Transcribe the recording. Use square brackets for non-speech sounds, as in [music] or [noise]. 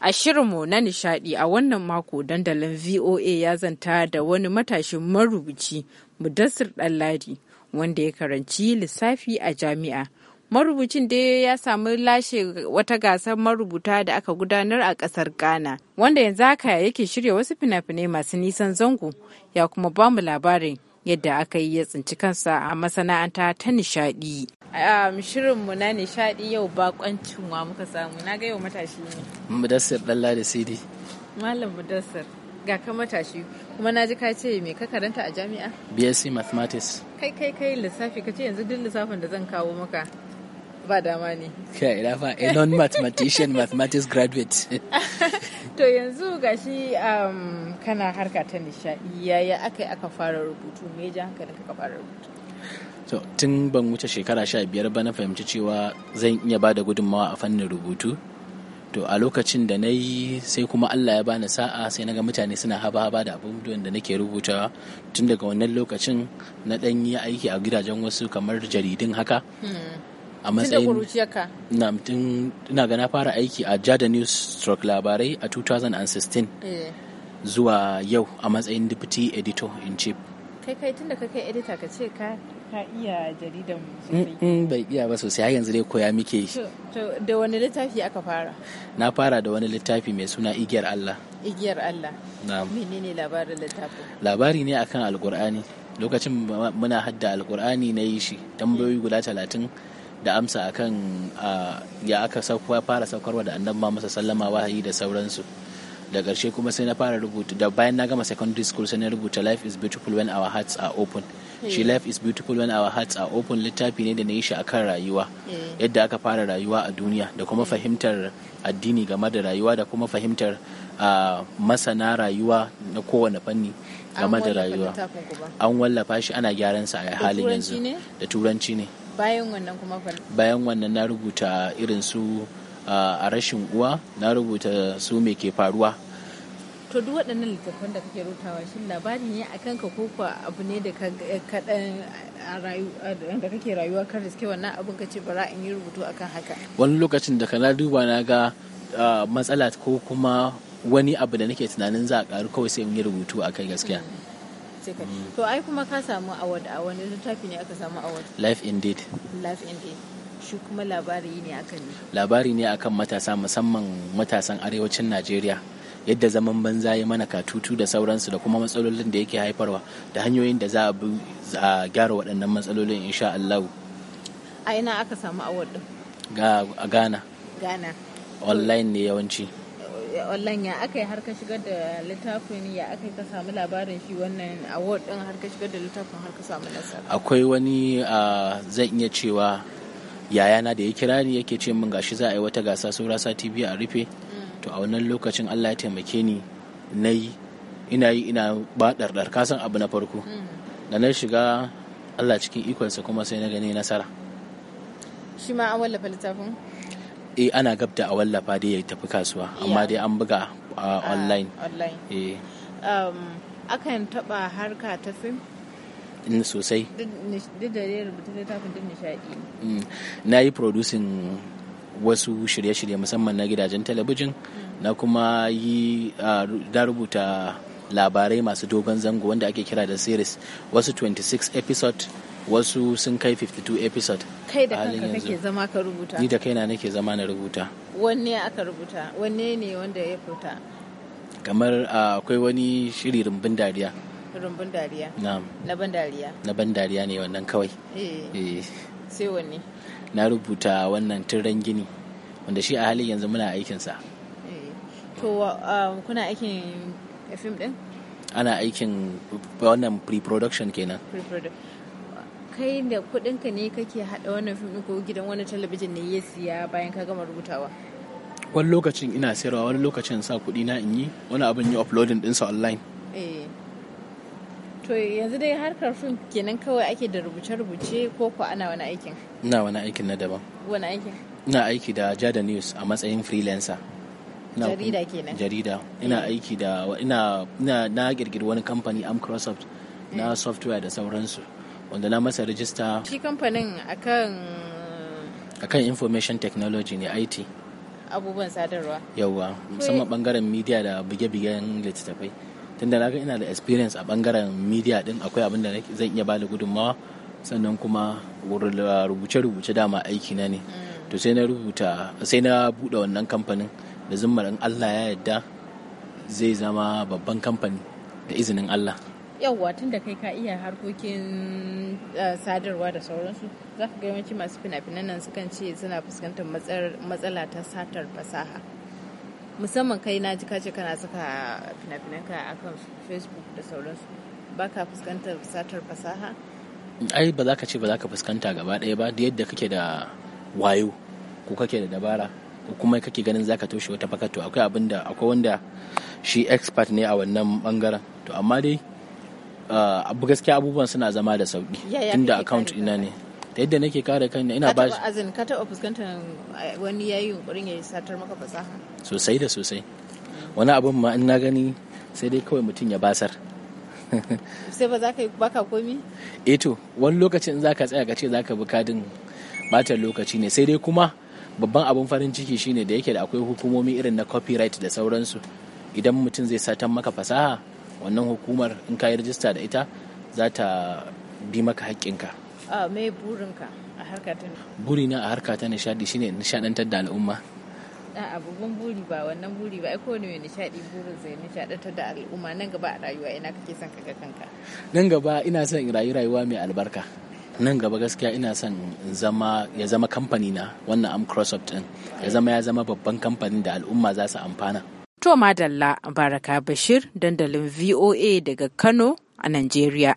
A shirinmu na nishadi a wannan mako dandalin VOA ya zanta da wani matashin marubuci Mudassir Ɗanladi wanda ya karanci lissafi a jami'a. Marubucin dai ya samu lashe wata gasar marubuta da aka gudanar a ƙasar Ghana, wanda yanzu haka yake shirya wasu fina-finai masu nisan zango ya kuma bamu labarin yadda aka yi ya tsinci kansa a masana'anta ta nishaɗi. Um, mu na nishadi yau bakoncin wa muka samu na ga yau matashi ne. Mudassir Dalla da Sidi. Malam Mudassir ga ka matashi kuma na ji ka ce me ka karanta a jami'a? BSc Mathematics. Kai kai kai lissafi ka ce yanzu duk lissafin da zan kawo maka. ba dama ne kai ina a non mathematician mathematics graduate [laughs] to yanzu gashi shi um, kana harka ta nishaɗi yaya aka aka fara rubutu me ka fara rubutu to tun ban wuce shekara sha biyar ba na fahimci cewa zan iya ba da gudunmawa a fannin rubutu to a lokacin da na yi sai kuma allah ya bani sa'a sai na ga mutane suna haba haba da abubuwan da nake rubutawa tun daga wannan lokacin na ɗan yi aiki a gidajen wasu kamar jaridun haka hmm. a matsayin na mutum ina ga na fara aiki a jada news stroke labarai a 2016 eh. zuwa yau a matsayin deputy editor in chief kai kai da ka kai editor ka ce ka ka iya jaridan mu mm, mm, bai iya ba sosai har yanzu dai koya muke to da wani littafi aka fara na fara da wani littafi mai suna igiyar Allah igiyar Allah na'am menene labarin littafin labari ne akan alkur'ani lokacin muna hadda alkur'ani na yi shi tambayoyi guda talatin da amsa akan ya aka fara saukarwa da annabi ma masa sallama wahayi da sauransu da ƙarshe kuma sai na fara rubuta da bayan na gama secondary school sai na rubuta life is beautiful when our hearts are open hmm. She life is beautiful when our hearts are open littafi ne da na yi shi akan rayuwa hmm. yadda aka fara rayuwa a duniya da kuma hmm. fahimtar addini game da rayuwa da kuma fahimtar masana rayuwa na kowane fanni game da rayuwa an wallafa shi ana gyaransa a halin yanzu da turanci ne bayan wannan kuma bayan wannan na rubuta irin su a rashin uwa na rubuta su mai ke faruwa to duk waɗannan littattafan da kake rutawa shin labari ne a kanka ko kuwa abu ne da kaɗan da kake rayuwa kan riske wannan abin ka ce bara in yi rubutu akan haka wani lokacin da kana duba na ga matsala ko kuma wani abu da nake tunanin za a karu kawai sai in yi rubutu akai gaskiya mm. to ai kuma ka samu award a wani littafi ne aka samu award life indeed life indeed shi kuma labari ne akan ne labari ne akan matasa musamman matasan arewacin Najeriya yadda zaman banza ya mana katutu da sauransu da kuma matsalolin da yake haifarwa da hanyoyin da za a bi a gyara waɗannan matsalolin insha Allah a ina aka samu award ga a Ghana Ghana online ne yawanci online ya aka yi shigar da littafin ya aka yi ka samu labarin shi wannan award din har shigar da littafin har ka samu nasara akwai wani zan iya cewa yayana da ya kira ni yake ce min gashi za a yi wata gasa saura sati biyu a rufe mm. to a wannan lokacin Allah ya taimake ni na yi ina yi ina ba ɗarɗar kasan abu na farko mm. da na shiga Allah cikin ikonsa kuma sai na gani nasara shi ma an wallafa littafin eh ana gabta a wallafa dai ya tafi kasuwa amma dai an buga uh, ah, online eh. um, akan taba harka ta fim sosai duk da dai rubutu littafin duk nishadi mm. na yi producing wasu shirye-shirye musamman na gidajen talabijin mm. na kuma yi da uh, rubuta labarai masu dogon zango wanda ake kira da series wasu 26 episode wasu sun kai 52 episode kai da kanka kake zama ka rubuta ni da kaina nake zama na rubuta wanne aka rubuta wanne ne wanda ya fita kamar akwai wani shiri rumbun dariya rumbun dariya na ban dariya na ban dariya ne wannan kawai eh, eh. sai wanne na rubuta wannan tiran gini wanda shi a halin yanzu muna aikinsa eh. to kuna aikin a film din ana aikin wannan pre-production kenan kai da kudinka ne kake hada wannan fim ko gidan wani talabijin ne ya siya bayan ka gama rubutawa wani lokacin ina sayarwa wani lokacin sa kudi na in yi wani abin yi uploading dinsa online eh. to yanzu dai harkar fim kenan kawai ake da rubuce-rubuce ko ko ana wani aikin ina wani aikin na daban wani aikin ina aiki da jada news a matsayin freelancer jarida kenan jarida ina eh. aiki da ina na girgiri wani kamfani amcrosoft na eh. software da sauransu wanda na masa rajista shi kamfanin akan akan information technology ne IT abubuwan sadarwa yawwa musamman bangaren media da buge-bugen littattafai tunda na ga ina da experience a bangaren media din akwai abin da zan iya bada gudunmawa sannan kuma rubuce-rubuce dama aiki na ne mm. to sai na rubuta sai na buɗe wannan kamfanin da zummar in Allah ya yadda zai zama babban kamfani da izinin Allah Yawwa tun da kai ka iya harkokin eh, sadarwa da sauransu za ka ga yawanci masu fina-finan nan sukan ce suna fuskantar matsala ta satar fasaha musamman kai na ji ka ce kana saka fina-finanka a kan facebook da sauransu ba ka fuskantar satar fasaha ai ba za ka ce ba za ka fuskanta gaba ɗaya ba da yadda kake da wayo ko kake da dabara kuma kake ganin zaka toshe wata baka to akwai abinda akwai wanda shi expert ne a wannan bangaren to amma dai ah, abu gaskiya abubuwan suna zama da sauki tunda account ina ne ta yadda nake kare kaina ina ba shi azin ka taɓa fuskantar eh, wani yayi yunkurin ya satar maka fasaha sosai da sosai wani abin ma in na gani sai dai kawai mutum ya basar [laughs] sai ba za ka yi baka komi eh to wani lokacin za ka tsaya ka ce za ka bi kadin bata lokaci ne sai dai kuma babban abin farin ciki shine da yake da akwai hukumomi irin na copyright da sauransu idan mutum zai satan maka fasaha wannan hukumar in ka yi rajista da ita za ta bi maka haƙƙinka. a me burinka a harka ta burina a harka ta nishadi shine nishadantar da al'umma a babban buri ba wannan buri ba ai ne mai nishadi burin zai nishadantar da al'umma nan gaba a rayuwa ina kake son kaga kanka nan gaba ina son in rayu rayuwa mai albarka nan gaba gaskiya ina son zama ya zama kamfani na wannan amcrosoft din ya zama ya zama babban kamfanin da al'umma za su amfana to madalla baraka bashir dandalin voa daga kano a nigeria.